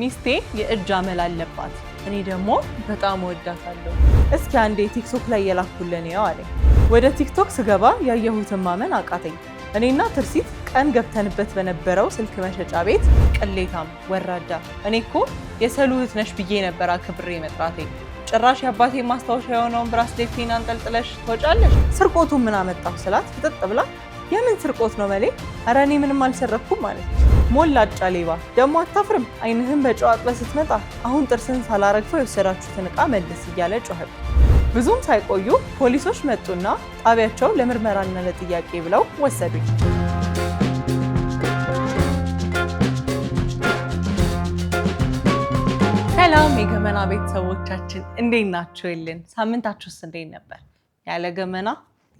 ሚስቴ የእጅ አመል አለባት፣ እኔ ደግሞ በጣም ወዳታለሁ። እስኪ አንዴ ቲክቶክ ላይ የላኩልን ያው አለኝ። ወደ ቲክቶክ ስገባ ያየሁትን ማመን አቃተኝ። እኔና ትርሲት ቀን ገብተንበት በነበረው ስልክ መሸጫ ቤት ቅሌታም ወራዳ፣ እኔ እኮ የሰሉት ነሽ ብዬ ነበር አክብሬ መጥራቴ። ጭራሽ የአባቴ ማስታወሻ የሆነውን ብራስሌቴን አንጠልጥለሽ ትወጫለሽ። ስርቆቱን ምን አመጣሁ ስላት ፍጥጥ ብላ የምን ስርቆት ነው መሌ? ኧረ እኔ ምንም አልሰረኩም ማለት ሞላጫ ሌባ ደግሞ አታፍርም? አይንህን በጨዋጥበ ስትመጣ አሁን ጥርስን ሳላረግፈው የወሰዳችሁትን እቃ መልስ እያለ ጮኸብ። ብዙም ሳይቆዩ ፖሊሶች መጡና ጣቢያቸው ለምርመራና ለጥያቄ ብለው ወሰዱኝ። ሰላም የገመና ቤተሰቦቻችን እንዴት ናችሁልን? ሳምንታችሁስ እንዴት ነበር? ያለ ገመና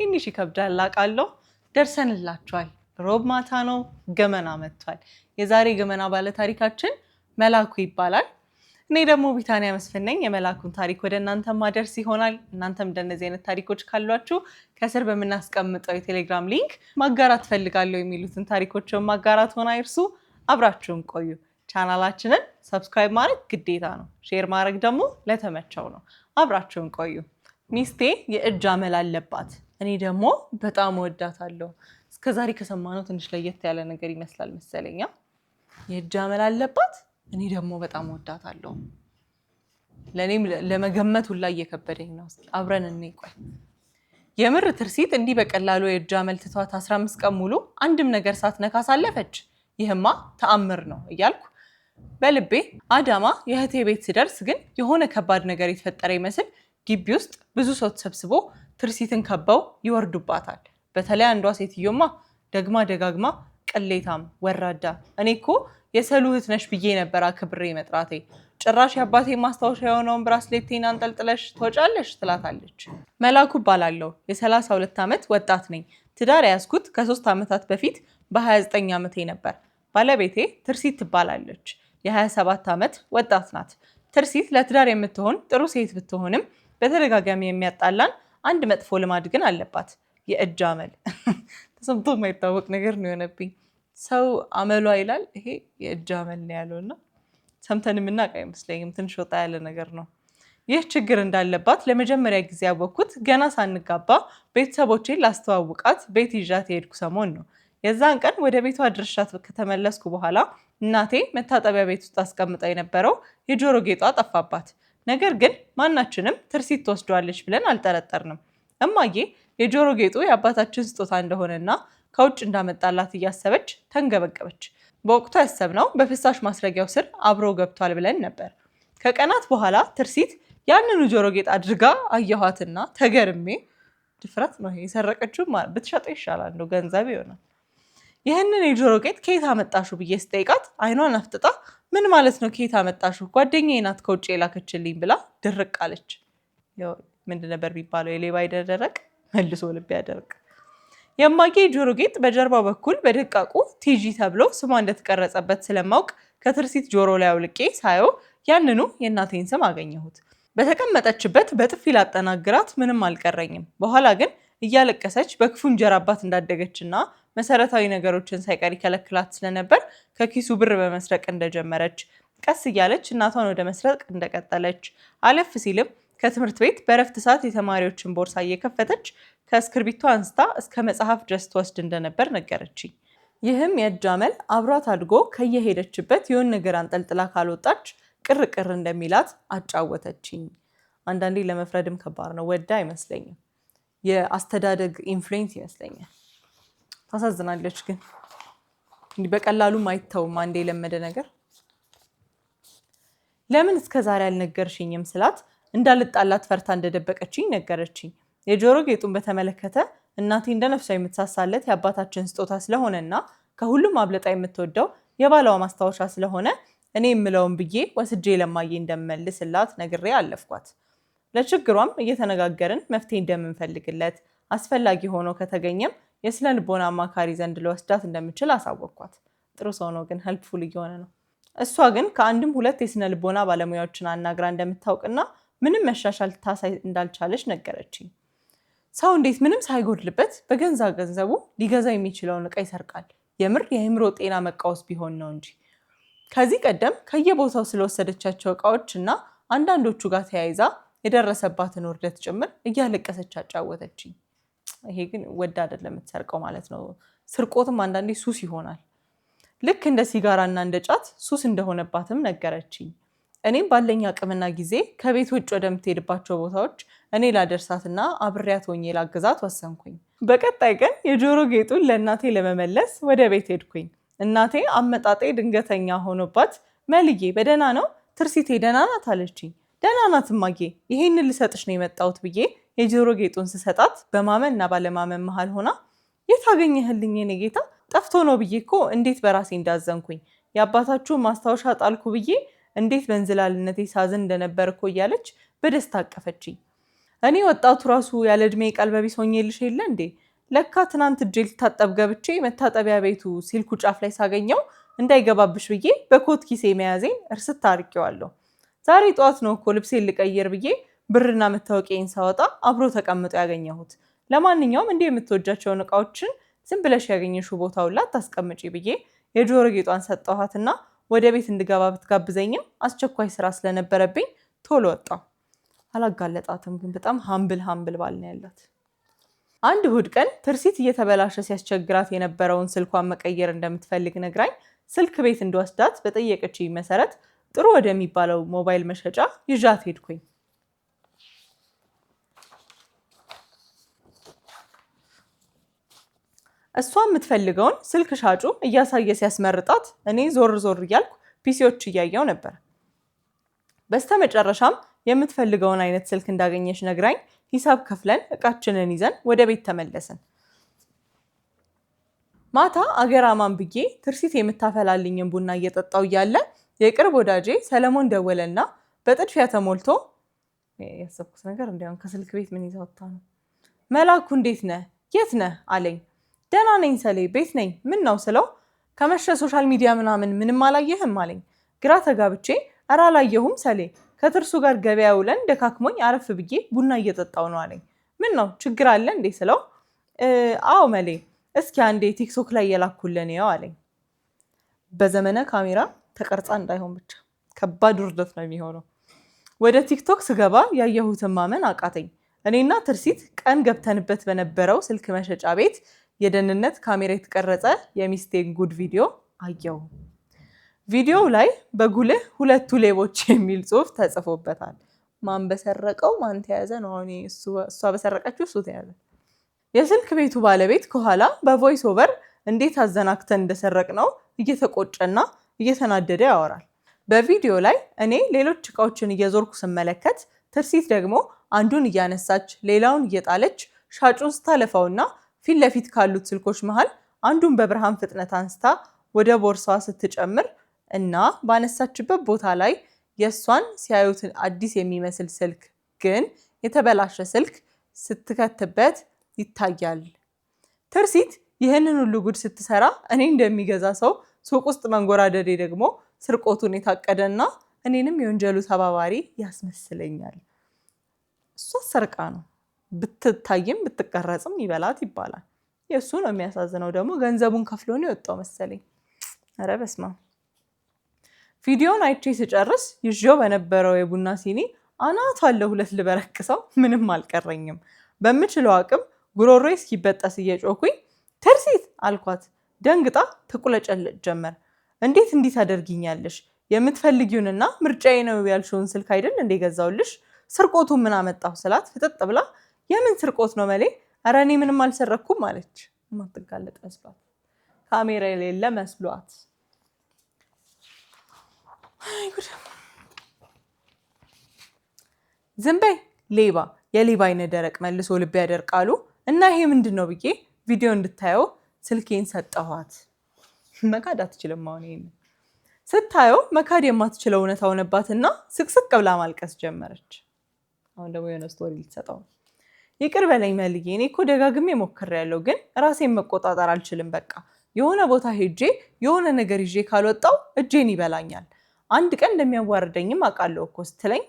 ትንሽ ይከብዳል አውቃለሁ። ደርሰንላችኋል። ሮብ ማታ ነው። ገመና መጥቷል። የዛሬ ገመና ባለ ታሪካችን መላኩ ይባላል። እኔ ደግሞ ቢታንያ መስፍን ነኝ። የመላኩን ታሪክ ወደ እናንተ ማደርስ ይሆናል። እናንተም እንደነዚህ አይነት ታሪኮች ካሏችሁ ከስር በምናስቀምጠው የቴሌግራም ሊንክ ማጋራት ፈልጋለሁ የሚሉትን ታሪኮችን ማጋራት ሆና አይርሱ። አብራችሁን ቆዩ። ቻናላችንን ሰብስክራይብ ማድረግ ግዴታ ነው። ሼር ማድረግ ደግሞ ለተመቸው ነው። አብራችሁን ቆዩ። ሚስቴ የእጅ አመል አለባት፣ እኔ ደግሞ በጣም ወዳታለሁ። እስከዛሬ ከሰማነው ትንሽ ለየት ያለ ነገር ይመስላል መሰለኛ። የእጅ አመል አለባት። እኔ ደግሞ በጣም ወዳታለሁ። ለእኔም ለመገመት ሁላ እየከበደኝ ነው። እስኪ አብረን እኔ ቆይ የምር ትርሲት እንዲህ በቀላሉ የእጅ አመል ትቷት 15 ቀን ሙሉ አንድም ነገር ሳትነካ ሳለፈች፣ ይህማ ተአምር ነው እያልኩ በልቤ አዳማ የእህቴ ቤት ስደርስ ግን የሆነ ከባድ ነገር የተፈጠረ ይመስል ግቢ ውስጥ ብዙ ሰው ተሰብስቦ ትርሲትን ከበው ይወርዱባታል። በተለይ አንዷ ሴትዮማ ደግማ ደጋግማ ቅሌታም፣ ወራዳ እኔ እኮ የሰሉ እህት ነሽ ብዬ ነበር አክብሬ መጥራቴ። ጭራሽ የአባቴ ማስታወሻ የሆነውን ብራስሌቴን አንጠልጥለሽ ትወጫለሽ ትላታለች። መላኩ እባላለሁ የሰላሳ ሁለት ዓመት ወጣት ነኝ። ትዳር የያዝኩት ከሶስት ዓመታት በፊት በ29 ዓመቴ ነበር። ባለቤቴ ትርሲት ትባላለች። የ27 ዓመት ወጣት ናት። ትርሲት ለትዳር የምትሆን ጥሩ ሴት ብትሆንም በተደጋጋሚ የሚያጣላን አንድ መጥፎ ልማድ ግን አለባት። የእጅ አመል ተሰምቶ የማይታወቅ ነገር ነው የሆነብኝ። ሰው አመሏ ይላል፣ ይሄ የእጅ አመል ነው ያለው እና ሰምተን የምናውቅ አይመስለኝም። ትንሽ ወጣ ያለ ነገር ነው። ይህ ችግር እንዳለባት ለመጀመሪያ ጊዜ ያወቅኩት ገና ሳንጋባ ቤተሰቦቼን ላስተዋውቃት ቤት ይዣት የሄድኩ ሰሞን ነው። የዛን ቀን ወደ ቤቷ ድርሻት ከተመለስኩ በኋላ እናቴ መታጠቢያ ቤት ውስጥ አስቀምጣ የነበረው የጆሮ ጌጧ ጠፋባት። ነገር ግን ማናችንም ትርሲት ትወስደዋለች ብለን አልጠረጠርንም። እማዬ የጆሮ ጌጡ የአባታችን ስጦታ እንደሆነና ከውጭ እንዳመጣላት እያሰበች ተንገበገበች። በወቅቱ ያሰብነው በፍሳሽ ማስረጊያው ስር አብሮ ገብቷል ብለን ነበር። ከቀናት በኋላ ትርሲት ያንኑ ጆሮ ጌጥ አድርጋ አየኋትና ተገርሜ፣ ድፍረት ነው የሰረቀችው፣ ብትሸጡ ይሻላል እንደው ገንዘብ ይሆናል። ይህንን የጆሮ ጌጥ ከየት አመጣሹ ብዬ ስጠይቃት አይኗን አፍጥጣ ምን ማለት ነው ከየት አመጣሹ? ጓደኛዬ ናት ከውጭ የላከችልኝ ብላ ድርቅ አለች። ምንድን ነበር የሚባለው የሌባ መልሶ ልብ ያደርግ። የማጌ ጆሮ ጌጥ በጀርባ በኩል በደቃቁ ቲጂ ተብሎ ስሟ እንደተቀረጸበት ስለማውቅ ከትርሲት ጆሮ ላይ አውልቄ ሳየው ያንኑ የእናቴን ስም አገኘሁት። በተቀመጠችበት በጥፊ ላጠናግራት ምንም አልቀረኝም። በኋላ ግን እያለቀሰች በክፉ እንጀራ አባት እንዳደገችና መሰረታዊ ነገሮችን ሳይቀር ይከለክላት ስለነበር ከኪሱ ብር በመስረቅ እንደጀመረች፣ ቀስ እያለች እናቷን ወደ መስረቅ እንደቀጠለች፣ አለፍ ሲልም ከትምህርት ቤት በእረፍት ሰዓት የተማሪዎችን ቦርሳ እየከፈተች ከእስክርቢቶ አንስታ እስከ መጽሐፍ ድረስ ትወስድ እንደነበር ነገረችኝ። ይህም የእጅ አመል አብሯት አድጎ ከየሄደችበት የሆን ነገር አንጠልጥላ ካልወጣች ቅር ቅር እንደሚላት አጫወተችኝ። አንዳንዴ ለመፍረድም ከባድ ነው። ወዳ አይመስለኝም። የአስተዳደግ ኢንፍሉዌንስ ይመስለኛል። ታሳዝናለች። ግን እንዲህ በቀላሉም አይተውም። አንዴ የለመደ ነገር ለምን እስከ ዛሬ አልነገርሽኝም ስላት እንዳልጣላት ፈርታ እንደደበቀችኝ ነገረችኝ። የጆሮ ጌጡን በተመለከተ እናቴ እንደ ነፍሷ የምትሳሳለት የአባታችን ስጦታ ስለሆነና ከሁሉም አብለጣ የምትወደው የባሏ ማስታወሻ ስለሆነ እኔ የምለውን ብዬ ወስጄ ለማየ እንደምመልስላት ነግሬ አለፍኳት። ለችግሯም እየተነጋገርን መፍትሄ እንደምንፈልግለት አስፈላጊ ሆኖ ከተገኘም የስነ ልቦና አማካሪ ዘንድ ልወስዳት እንደምችል አሳወቅኳት። ጥሩ ሰው ነው፣ ግን ሄልፕፉል እየሆነ ነው። እሷ ግን ከአንድም ሁለት የስነ ልቦና ባለሙያዎችን አናግራ እንደምታውቅና ምንም መሻሻል ታሳይ እንዳልቻለች ነገረችኝ። ሰው እንዴት ምንም ሳይጎድልበት በገንዛ ገንዘቡ ሊገዛ የሚችለውን እቃ ይሰርቃል? የምር የአእምሮ ጤና መቃወስ ቢሆን ነው እንጂ። ከዚህ ቀደም ከየቦታው ስለወሰደቻቸው እቃዎች እና አንዳንዶቹ ጋር ተያይዛ የደረሰባትን ውርደት ጭምር እያለቀሰች አጫወተችኝ። ይሄ ግን ወድ አይደለም የምትሰርቀው ማለት ነው። ስርቆትም አንዳንዴ ሱስ ይሆናል። ልክ እንደ ሲጋራ እና እንደ ጫት ሱስ እንደሆነባትም ነገረችኝ። እኔም ባለኝ አቅምና ጊዜ ከቤት ውጭ ወደምትሄድባቸው ቦታዎች እኔ ላደርሳትና አብሬያት ሆኜ ላግዛት ወሰንኩኝ። በቀጣይ ቀን የጆሮ ጌጡን ለእናቴ ለመመለስ ወደ ቤት ሄድኩኝ። እናቴ አመጣጤ ድንገተኛ ሆኖባት መልዬ በደህና ነው ትርሲቴ ደህና ናት አለችኝ። ደህና ናት እማጌ፣ ይሄንን ልሰጥሽ ነው የመጣሁት ብዬ የጆሮ ጌጡን ስሰጣት በማመን ና ባለማመን መሃል ሆና የት አገኘህልኝ የኔ ጌታ? ጠፍቶ ነው ብዬ እኮ እንዴት በራሴ እንዳዘንኩኝ የአባታችሁን ማስታወሻ ጣልኩ ብዬ እንዴት በእንዝላልነቴ ሳዝን እንደነበር እኮ እያለች በደስታ አቀፈችኝ። እኔ ወጣቱ ራሱ ያለ እድሜ ቃል በቢስ ሆኜልሽ የለ እንዴ? ለካ ትናንት እጄ ልታጠብ ገብቼ መታጠቢያ ቤቱ ሲልኩ ጫፍ ላይ ሳገኘው እንዳይገባብሽ ብዬ በኮት ኪሴ መያዜን እርስት አርቄዋለሁ። ዛሬ ጠዋት ነው እኮ ልብሴን ልቀይር ብዬ ብርና መታወቂያን ሳወጣ አብሮ ተቀምጦ ያገኘሁት። ለማንኛውም እንዲህ የምትወጃቸውን እቃዎችን ዝም ብለሽ ያገኘሽው ቦታ ሁላ አታስቀምጪ ብዬ የጆሮ ጌጧን ሰጠኋትና ወደ ቤት እንድገባ ብትጋብዘኝም አስቸኳይ ስራ ስለነበረብኝ ቶሎ ወጣ አላጋለጣትም፣ ግን በጣም ሀምብል ሀምብል ባል ነው ያላት። አንድ ሁድ ቀን ትርሲት እየተበላሸ ሲያስቸግራት የነበረውን ስልኳን መቀየር እንደምትፈልግ ነግራኝ ስልክ ቤት እንድወስዳት በጠየቀችኝ መሰረት ጥሩ ወደሚባለው ሞባይል መሸጫ ይዣት ሄድኩኝ። እሷ የምትፈልገውን ስልክ ሻጩ እያሳየ ሲያስመርጣት እኔ ዞር ዞር እያልኩ ፒሲዎች እያየው ነበር። በስተመጨረሻም የምትፈልገውን አይነት ስልክ እንዳገኘች ነግራኝ ሂሳብ ከፍለን እቃችንን ይዘን ወደ ቤት ተመለስን። ማታ አገራማን ብዬ ትርሲት የምታፈላልኝን ቡና እየጠጣው እያለ የቅርብ ወዳጄ ሰለሞን ደወለና በጥድፊያ ተሞልቶ ያሰብኩት ነገር እንዲያውም ከስልክ ቤት ምን ይዛ ወጣ ነው። መላኩ እንዴት ነህ? የት ነህ? አለኝ። ደህና ነኝ ሰሌ፣ ቤት ነኝ። ምን ነው ስለው ከመሸ ሶሻል ሚዲያ ምናምን ምንም አላየህም አለኝ። ግራ ተጋብቼ እረ አላየሁም ሰሌ፣ ከትርሱ ጋር ገበያ ውለን ደካክሞኝ አረፍ ብዬ ቡና እየጠጣው ነው አለኝ። ምን ነው ችግር አለ እንዴ ስለው አዎ መሌ፣ እስኪ አንዴ ቲክቶክ ላይ የላኩልን ያው አለኝ። በዘመነ ካሜራ ተቀርጻ እንዳይሆን ብቻ ከባድ ውርደት ነው የሚሆነው። ወደ ቲክቶክ ስገባ ያየሁትን ማመን አቃተኝ። እኔና ትርሲት ቀን ገብተንበት በነበረው ስልክ መሸጫ ቤት የደህንነት ካሜራ የተቀረጸ የሚስቴን ጉድ ቪዲዮ አየው። ቪዲዮው ላይ በጉልህ ሁለቱ ሌቦች የሚል ጽሑፍ ተጽፎበታል። ማን በሰረቀው ማን ተያዘ ነው። አሁን እሷ በሰረቀችው እሱ ተያዘ። የስልክ ቤቱ ባለቤት ከኋላ በቮይስ ኦቨር እንዴት አዘናግተን እንደሰረቅ ነው እየተቆጨና እየተናደደ ያወራል። በቪዲዮ ላይ እኔ ሌሎች እቃዎችን እየዞርኩ ስመለከት፣ ትርሲት ደግሞ አንዱን እያነሳች ሌላውን እየጣለች ሻጩን ስታለፋውና ፊት ለፊት ካሉት ስልኮች መሃል አንዱን በብርሃን ፍጥነት አንስታ ወደ ቦርሳዋ ስትጨምር እና ባነሳችበት ቦታ ላይ የእሷን ሲያዩት አዲስ የሚመስል ስልክ ግን የተበላሸ ስልክ ስትከትበት ይታያል። ትርሲት ይህንን ሁሉ ጉድ ስትሰራ እኔ እንደሚገዛ ሰው ሱቅ ውስጥ መንጎራደዴ ደግሞ ስርቆቱን የታቀደና እኔንም የወንጀሉ ተባባሪ ያስመስለኛል። እሷ ሰርቃ ነው። ብትታይም ብትቀረጽም ይበላት ይባላል። የእሱ ነው የሚያሳዝነው። ደግሞ ገንዘቡን ከፍሎ ነው የወጣው መሰለኝ። ኧረ በስመ አብ። ቪዲዮን አይቼ ስጨርስ ይዤው በነበረው የቡና ሲኒ አናት አለ ሁለት ልበረክሰው ምንም አልቀረኝም። በምችለው አቅም ጉሮሮ እስኪበጠስ እየጮኩኝ ትርሲት አልኳት። ደንግጣ ትቁለጨለጭ ጀመር። እንዴት እንዲህ ታደርጊኛለሽ? የምትፈልጊውንና ምርጫዬ ነው ያልሽውን ስልክ አይደል እንደገዛውልሽ? ስርቆቱ ምን አመጣሁ ስላት ፍጥጥ ብላ የምን ስርቆት ነው መሌ? እረ እኔ ምንም አልሰረኩም አለች። የማትጋለጥ መስሏት ካሜራ የሌለ መስሏት። ዝም በይ ሌባ፣ የሌባ አይነ ደረቅ መልሶ ልብ ያደርቃሉ። እና ይሄ ምንድን ነው ብዬ ቪዲዮ እንድታየው ስልኬን ሰጠኋት። መካድ አትችልም። አሁን ይሄን ስታየው መካድ የማትችለው እውነት አውነባትና ስቅስቅ ብላ ማልቀስ ጀመረች። አሁን ደግሞ የሆነ ስቶሪ ልትሰጠው ይቅር በለኝ መልዬ፣ እኔ እኮ ደጋግሜ ሞክሬያለሁ፣ ግን ራሴን መቆጣጠር አልችልም። በቃ የሆነ ቦታ ሄጄ የሆነ ነገር ይዤ ካልወጣው እጄን ይበላኛል፣ አንድ ቀን እንደሚያዋርደኝም አውቃለሁ እኮ ስትለኝ፣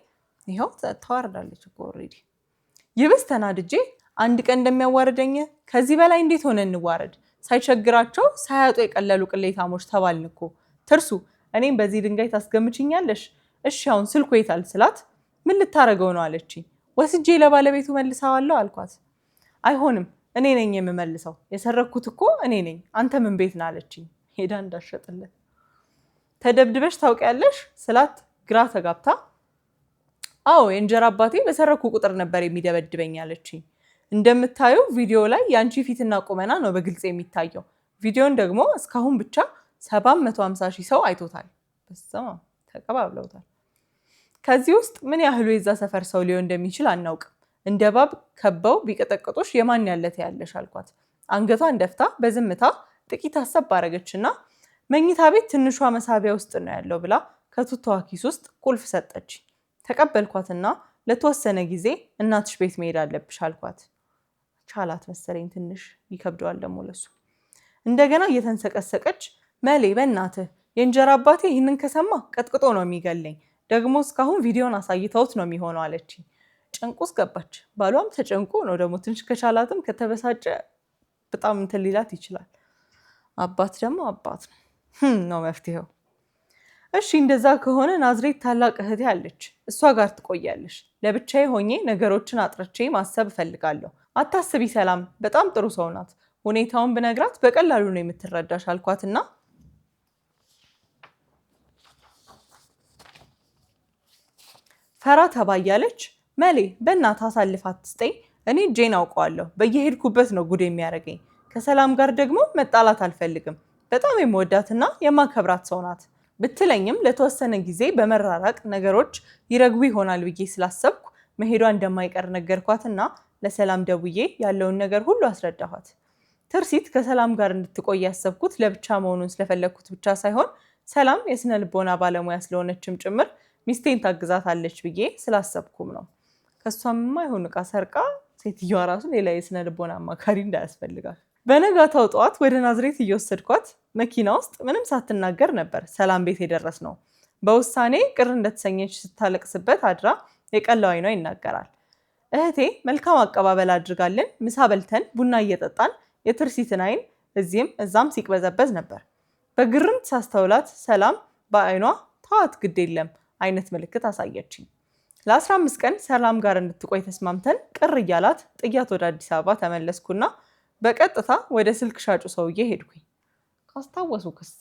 ይኸው ተዋርዳለች እኮ ኦልሬዲ። ይብስ ተናድጄ አንድ ቀን እንደሚያዋርደኝ ከዚህ በላይ እንዴት ሆነ እንዋረድ? ሳይቸግራቸው ሳያጡ የቀለሉ ቅሌታሞች ተባልን እኮ ትርሱ። እኔም በዚህ ድንጋይ ታስገምችኛለሽ? እሺ አሁን ስልኩ የታል ስላት ምን ልታረገው ነው አለችኝ። ወስጄ ለባለቤቱ መልሰዋለሁ አልኳት። አይሆንም፣ እኔ ነኝ የምመልሰው፣ የሰረኩት እኮ እኔ ነኝ፣ አንተ ምን ቤት ነህ አለችኝ። ሄዳ እንዳሸጥለት ተደብድበሽ ታውቂያለሽ ስላት ግራ ተጋብታ አዎ የእንጀራ አባቴ በሰረኩ ቁጥር ነበር የሚደበድበኝ አለችኝ። እንደምታዩ ቪዲዮ ላይ የአንቺ ፊትና ቁመና ነው በግልጽ የሚታየው። ቪዲዮን ደግሞ እስካሁን ብቻ 750 ሺህ ሰው አይቶታል። በስማ ተቀባብለውታል። ከዚህ ውስጥ ምን ያህሉ የዛ ሰፈር ሰው ሊሆን እንደሚችል አናውቅም። እንደ ባብ ከበው ቢቀጠቅጦሽ የማን ያለት ያለሽ አልኳት። አንገቷን ደፍታ በዝምታ ጥቂት ሀሳብ ባረገችና መኝታ ቤት ትንሿ መሳቢያ ውስጥ ነው ያለው ብላ ከቱታዋ ኪስ ውስጥ ቁልፍ ሰጠች። ተቀበልኳትና ለተወሰነ ጊዜ እናትሽ ቤት መሄድ አለብሽ አልኳት። ቻላት መሰለኝ፣ ትንሽ ይከብደዋል ደሞ ለሱ። እንደገና እየተንሰቀሰቀች መሌ፣ በእናትህ የእንጀራ አባቴ ይህንን ከሰማ ቀጥቅጦ ነው የሚገለኝ ደግሞ እስካሁን ቪዲዮን አሳይተውት ነው የሚሆነው አለች። ጭንቁ ውስጥ ገባች። ባሏም ተጨንቆ ነው ደግሞ ትንሽ ከቻላትም ከተበሳጨ በጣም እንትን ሊላት ይችላል። አባት ደግሞ አባት ነው ነው መፍትሄው። እሺ እንደዛ ከሆነ ናዝሬት ታላቅ እህቴ አለች፣ እሷ ጋር ትቆያለሽ። ለብቻዬ ሆኜ ነገሮችን አጥርቼ ማሰብ እፈልጋለሁ። አታስቢ ሰላም በጣም ጥሩ ሰው ናት። ሁኔታውን ብነግራት በቀላሉ ነው የምትረዳሽ አልኳትና ፈራ ተባያለች መሌ በእናት አሳልፍ አትስጠኝ፣ እኔ እጄን አውቀዋለሁ፣ በየሄድኩበት ነው ጉድ የሚያደርገኝ። ከሰላም ጋር ደግሞ መጣላት አልፈልግም፣ በጣም የምወዳትና የማከብራት ሰው ናት ብትለኝም ለተወሰነ ጊዜ በመራራቅ ነገሮች ይረግቡ ይሆናል ብዬ ስላሰብኩ መሄዷ እንደማይቀር ነገርኳትና ለሰላም ደውዬ ያለውን ነገር ሁሉ አስረዳኋት። ትርሲት ከሰላም ጋር እንድትቆይ ያሰብኩት ለብቻ መሆኑን ስለፈለግኩት ብቻ ሳይሆን ሰላም የስነ ልቦና ባለሙያ ስለሆነችም ጭምር ሚስቴን ታግዛታለች ብዬ ስላሰብኩም ነው። ከእሷም የማይሆን እቃ ሰርቃ ሴትዮዋ ራሱ ሌላ የስነ ልቦና አማካሪ እንዳያስፈልጋል። በነጋታው ጠዋት ወደ ናዝሬት እየወሰድኳት መኪና ውስጥ ምንም ሳትናገር ነበር ሰላም ቤት የደረስ ነው። በውሳኔ ቅር እንደተሰኘች ስታለቅስበት አድራ የቀላው አይኗ ይናገራል። እህቴ መልካም አቀባበል አድርጋልን። ምሳ በልተን ቡና እየጠጣን የትርሲትን አይን እዚህም እዛም ሲቅበዘበዝ ነበር። በግርምት ሳስተውላት ሰላም በአይኗ ተዋት፣ ግድ የለም አይነት ምልክት አሳየችኝ። ለ15 ቀን ሰላም ጋር እንድትቆይ ተስማምተን ቅር እያላት ጥያት ወደ አዲስ አበባ ተመለስኩና በቀጥታ ወደ ስልክ ሻጩ ሰውዬ ሄድኩኝ። ካስታወሱ ክስ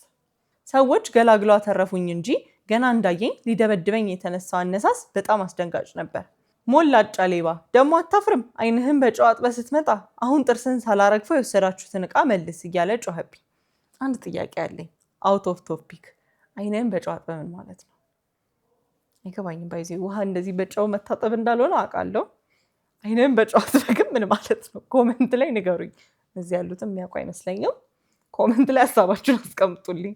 ሰዎች ገላግሎ አተረፉኝ እንጂ ገና እንዳየኝ ሊደበድበኝ የተነሳው አነሳስ በጣም አስደንጋጭ ነበር። ሞላጫ ሌባ ደግሞ አታፍርም? አይንህን በጨዋጥ በስትመጣ ስትመጣ አሁን ጥርስን ሳላረግፈው የወሰዳችሁትን እቃ መልስ እያለ ጮኸብኝ። አንድ ጥያቄ አለኝ፣ አውት ኦፍ ቶፒክ። አይንህን በጨዋጥ በምን ማለት ነው? አይገባኝም። ባይዚ ውሃ እንደዚህ በጨው መታጠብ እንዳልሆነ አውቃለሁ። አይነን በጨው አትረግም ምን ማለት ነው? ኮመንት ላይ ንገሩኝ። እዚህ ያሉትም የሚያውቁ አይመስለኝም። ኮመንት ላይ ሀሳባችሁን አስቀምጡልኝ።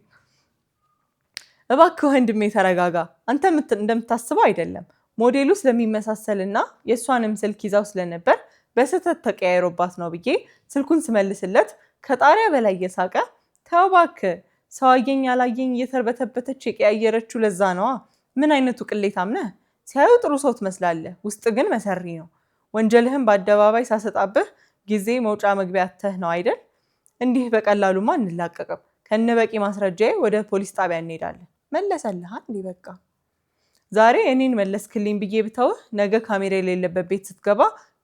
እባክህ ወንድሜ ተረጋጋ። አንተ እንደምታስበው አይደለም። ሞዴሉ ስለሚመሳሰልና የእሷንም ስልክ ይዛው ስለነበር በስህተት ተቀያይሮባት ነው ብዬ ስልኩን ስመልስለት ከጣሪያ በላይ እየሳቀ ተው እባክህ፣ ሰው አየኝ አላየኝ እየተርበተበተች የቀያየረችው ለዛ ነዋ ምን አይነቱ ቅሌታም ነህ! ሲያዩ ጥሩ ሰው ትመስላለህ፣ ውስጥ ግን መሰሪ ነው። ወንጀልህን በአደባባይ ሳሰጣብህ ጊዜ መውጫ መግቢያ አጥተህ ነው አይደል? እንዲህ በቀላሉማ እንላቀቅም። ከነ በቂ ማስረጃዬ ወደ ፖሊስ ጣቢያ እንሄዳለን። መለሰልህ። እንዲህ በቃ ዛሬ እኔን መለስክልኝ ብዬ ብተውህ ነገ ካሜራ የሌለበት ቤት ስትገባ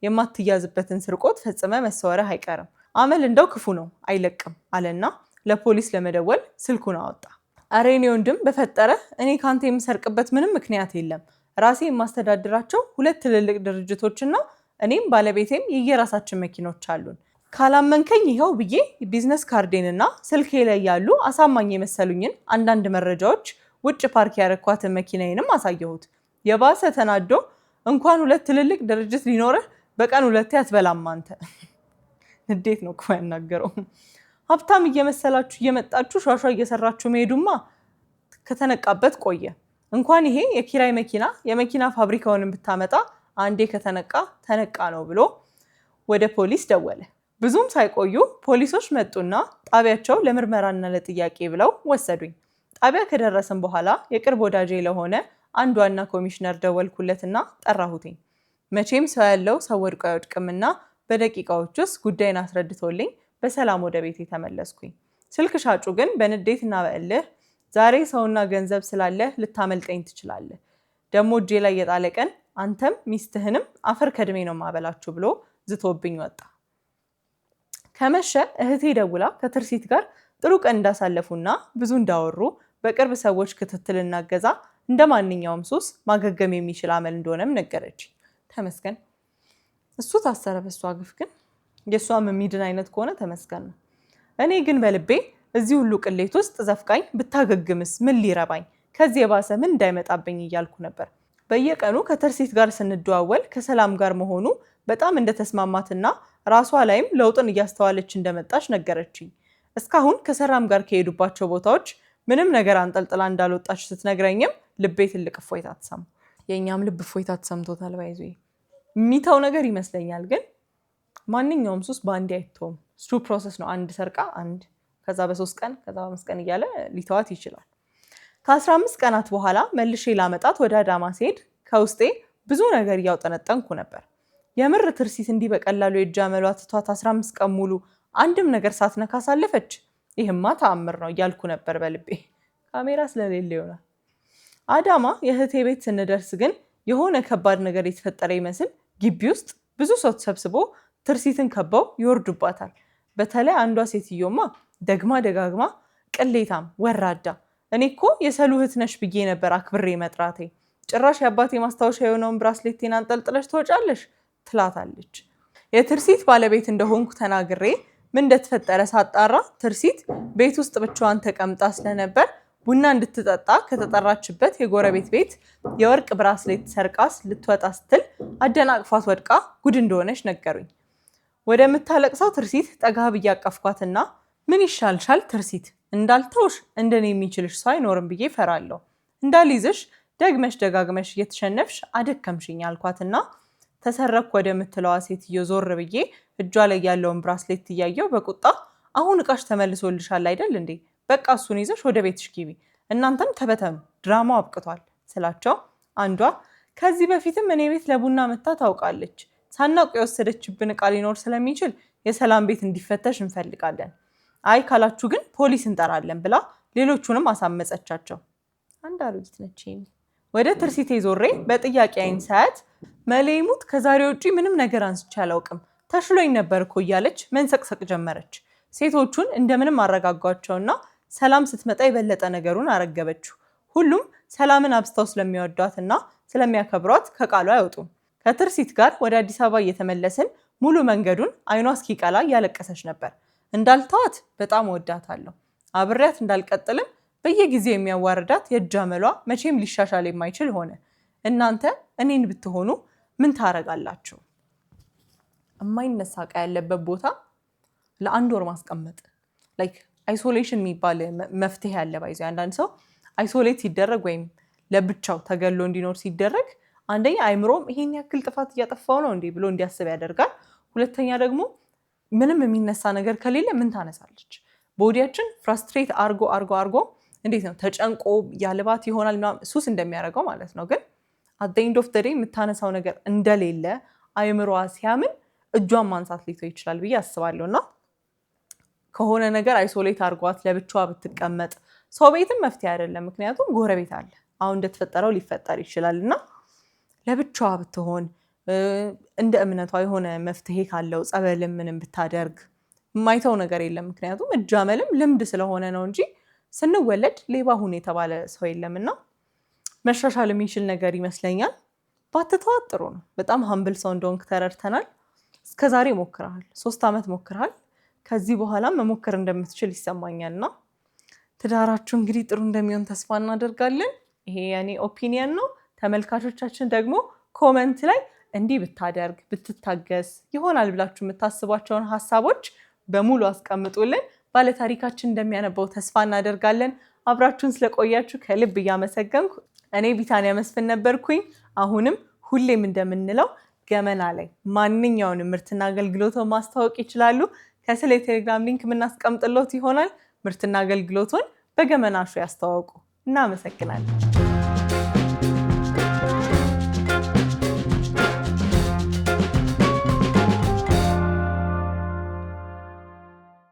የማትያዝበትን ስርቆት ፈጽመ መሰወረህ አይቀርም። አመል እንደው ክፉ ነው አይለቅም አለና ለፖሊስ ለመደወል ስልኩን አወጣ። ኧረ የኔ ወንድም በፈጠረ እኔ ከአንተ የምሰርቅበት ምንም ምክንያት የለም። ራሴ የማስተዳድራቸው ሁለት ትልልቅ ድርጅቶችና እኔም ባለቤቴም የየራሳችን መኪኖች አሉን። ካላመንከኝ ይኸው ብዬ ቢዝነስ ካርዴንና ስልኬ ላይ ያሉ አሳማኝ የመሰሉኝን አንዳንድ መረጃዎች ውጭ ፓርክ ያረኳትን መኪናዬንም አሳየሁት። የባሰ ተናዶ እንኳን ሁለት ትልልቅ ድርጅት ሊኖርህ በቀን ሁለቴ አትበላም አንተ። እንዴት ነው እኮ ያናገረው ሀብታም እየመሰላችሁ እየመጣችሁ ሿሿ እየሰራችሁ መሄዱማ ከተነቃበት ቆየ። እንኳን ይሄ የኪራይ መኪና የመኪና ፋብሪካውንም ብታመጣ አንዴ ከተነቃ ተነቃ ነው ብሎ ወደ ፖሊስ ደወለ። ብዙም ሳይቆዩ ፖሊሶች መጡና ጣቢያቸው ለምርመራና ለጥያቄ ብለው ወሰዱኝ። ጣቢያ ከደረሰም በኋላ የቅርብ ወዳጄ ለሆነ አንድ ዋና ኮሚሽነር ደወልኩለትና ጠራሁትኝ። መቼም ሰው ያለው ሰው ወድቆ አይወድቅምና በደቂቃዎች ውስጥ ጉዳይን አስረድቶልኝ በሰላም ወደ ቤት የተመለስኩኝ። ስልክ ሻጩ ግን በንዴትና በእልህ ዛሬ ሰውና ገንዘብ ስላለህ ልታመልጠኝ ትችላለህ፣ ደግሞ እጄ ላይ የጣለ ቀን አንተም ሚስትህንም አፈር ከድሜ ነው ማበላችሁ ብሎ ዝቶብኝ ወጣ። ከመሸ እህቴ ደውላ ከትርሲት ጋር ጥሩ ቀን እንዳሳለፉና ብዙ እንዳወሩ በቅርብ ሰዎች ክትትልና እገዛ እንደ ማንኛውም ሱስ ማገገም የሚችል አመል እንደሆነም ነገረች። ተመስገን እሱ ታሰረ በሷ ግፍ ግን የእሷም የሚድን አይነት ከሆነ ተመስገን ነው። እኔ ግን በልቤ እዚህ ሁሉ ቅሌት ውስጥ ዘፍቃኝ ብታገግምስ ምን ሊረባኝ ከዚህ የባሰ ምን እንዳይመጣብኝ እያልኩ ነበር። በየቀኑ ከተርሴት ጋር ስንደዋወል ከሰላም ጋር መሆኑ በጣም እንደተስማማትና ራሷ ላይም ለውጥን እያስተዋለች እንደመጣች ነገረችኝ። እስካሁን ከሰላም ጋር ከሄዱባቸው ቦታዎች ምንም ነገር አንጠልጥላ እንዳልወጣች ስትነግረኝም ልቤ ትልቅ እፎይታ ተሰማ። የእኛም ልብ እፎይታ ተሰምቶታል። ባይዞ የሚተው ነገር ይመስለኛል ግን ማንኛውም ሱስ በአንድ አይተውም። ስሩ ፕሮሰስ ነው። አንድ ሰርቃ አንድ ከዛ በሶስት ቀን ከዛ በአምስት ቀን እያለ ሊተዋት ይችላል። ከአስራ አምስት ቀናት በኋላ መልሼ ላመጣት ወደ አዳማ ሲሄድ ከውስጤ ብዙ ነገር እያውጠነጠንኩ ነበር። የምር ትርሲት እንዲህ በቀላሉ የእጅ አመሏ ትቷት አስራ አምስት ቀን ሙሉ አንድም ነገር ሳትነካ ሳለፈች፣ ይህማ ተአምር ነው እያልኩ ነበር በልቤ። ካሜራ ስለሌለ ይሆናል። አዳማ የእህቴ ቤት ስንደርስ ግን የሆነ ከባድ ነገር የተፈጠረ ይመስል ግቢ ውስጥ ብዙ ሰው ተሰብስቦ ትርሲትን ከበው ይወርዱባታል። በተለይ አንዷ ሴትዮማ ደግማ ደጋግማ ቅሌታም፣ ወራዳ እኔ እኮ የሰሉ እህት ነሽ ብዬ ነበር አክብሬ መጥራቴ፣ ጭራሽ የአባቴ ማስታወሻ የሆነውን ብራስሌቴን አንጠልጥለሽ ትወጫለሽ ትላታለች። የትርሲት ባለቤት እንደሆንኩ ተናግሬ ምን እንደተፈጠረ ሳጣራ ትርሲት ቤት ውስጥ ብቻዋን ተቀምጣ ስለነበር ቡና እንድትጠጣ ከተጠራችበት የጎረቤት ቤት የወርቅ ብራስሌት ሰርቃስ ልትወጣ ስትል አደናቅፋት ወድቃ ጉድ እንደሆነች ነገሩኝ። ወደ ምታለቅሳው ትርሲት ጠጋብ እያቀፍኳትና ምን ይሻልሻል ትርሲት፣ እንዳልተውሽ እንደኔ የሚችልሽ ሰው አይኖርም ብዬ ፈራለሁ። እንዳልይዝሽ ደግመሽ ደጋግመሽ እየተሸነፍሽ አደከምሽኝ አልኳትና ተሰረኩ ወደምትለዋ ሴትዮ ዞር ብዬ እጇ ላይ ያለውን ብራስሌት እያየው በቁጣ አሁን እቃሽ ተመልሶልሻል አይደል እንዴ? በቃ እሱን ይዘሽ ወደ ቤትሽ ጊቢ፣ እናንተም ተበተኑ፣ ድራማው አብቅቷል ስላቸው አንዷ ከዚህ በፊትም እኔ ቤት ለቡና መታ ታውቃለች ሳናውቅ የወሰደችብን እቃ ሊኖር ስለሚችል የሰላም ቤት እንዲፈተሽ እንፈልጋለን። አይ ካላችሁ ግን ፖሊስ እንጠራለን ብላ ሌሎቹንም አሳመፀቻቸው። አንድ አሮጊት ነች። ወደ ትርሲቴ ዞሬ በጥያቄ አይን ሳያት ሙት ከዛሬ ውጪ ምንም ነገር አንስቼ አላውቅም ተሽሎኝ ነበር እኮ እያለች መንሰቅሰቅ ጀመረች። ሴቶቹን እንደምንም አረጋጓቸውና ሰላም ስትመጣ የበለጠ ነገሩን አረገበችው። ሁሉም ሰላምን አብስተው ስለሚወዷትና ስለሚያከብሯት ከቃሉ አይወጡም። ከትርሲት ጋር ወደ አዲስ አበባ እየተመለስን ሙሉ መንገዱን አይኗ እስኪቀላ እያለቀሰች ነበር። እንዳልተዋት በጣም ወዳታለሁ። አብሬያት እንዳልቀጥልም በየጊዜው የሚያዋርዳት የእጅ አመሏ መቼም ሊሻሻል የማይችል ሆነ። እናንተ እኔን ብትሆኑ ምን ታረጋላችሁ? የማይነሳ እቃ ያለበት ቦታ ለአንድ ወር ማስቀመጥ ላይክ አይሶሌሽን የሚባል መፍትሄ ያለ ባይዘ አንዳንድ ሰው አይሶሌት ሲደረግ ወይም ለብቻው ተገሎ እንዲኖር ሲደረግ አንደኛ አይምሮም ይሄን ያክል ጥፋት እያጠፋው ነው እንዴ ብሎ እንዲያስብ ያደርጋል። ሁለተኛ ደግሞ ምንም የሚነሳ ነገር ከሌለ ምን ታነሳለች? ቦዲያችን ፍራስትሬት አርጎ አርጎ አርጎ እንዴት ነው ተጨንቆ ያልባት ይሆናል ሱስ እንደሚያደርገው ማለት ነው። ግን አት ኤንድ ኦፍ የምታነሳው ነገር እንደሌለ አይምሯ ሲያምን እጇን ማንሳት ሊቶ ይችላል ብዬ አስባለሁ። እና ከሆነ ነገር አይሶሌት አርጓት ለብቻዋ ብትቀመጥ ሰው ቤትም መፍትሄ አይደለም። ምክንያቱም ጎረቤት አለ አሁን እንደተፈጠረው ሊፈጠር ይችላል እና ለብቻዋ ብትሆን እንደ እምነቷ የሆነ መፍትሄ ካለው ጸበልም ምንም ብታደርግ የማይተው ነገር የለም። ምክንያቱም እጃመልም ልምድ ስለሆነ ነው እንጂ ስንወለድ ሌባ ሁን የተባለ ሰው የለምና መሻሻል የሚችል ነገር ይመስለኛል። ባትተዋት ጥሩ ነው። በጣም ሀምብል ሰው እንደሆንክ ተረድተናል። እስከዛሬ ሞክረሃል፣ ሶስት ዓመት ሞክረሃል። ከዚህ በኋላ መሞከር እንደምትችል ይሰማኛል እና ትዳራችሁ እንግዲህ ጥሩ እንደሚሆን ተስፋ እናደርጋለን። ይሄ የኔ ኦፒኒየን ነው። ተመልካቾቻችን ደግሞ ኮመንት ላይ እንዲህ ብታደርግ ብትታገስ ይሆናል ብላችሁ የምታስቧቸውን ሀሳቦች በሙሉ አስቀምጡልን። ባለታሪካችን እንደሚያነበው ተስፋ እናደርጋለን። አብራችሁን ስለቆያችሁ ከልብ እያመሰገንኩ እኔ ቢታንያ መስፍን ነበርኩኝ። አሁንም ሁሌም እንደምንለው ገመና ላይ ማንኛውንም ምርትና አገልግሎቶ ማስተዋወቅ ይችላሉ። ከስለ የቴሌግራም ሊንክ የምናስቀምጥሎት ይሆናል። ምርትና አገልግሎቶን በገመና ያስተዋውቁ። እናመሰግናለን።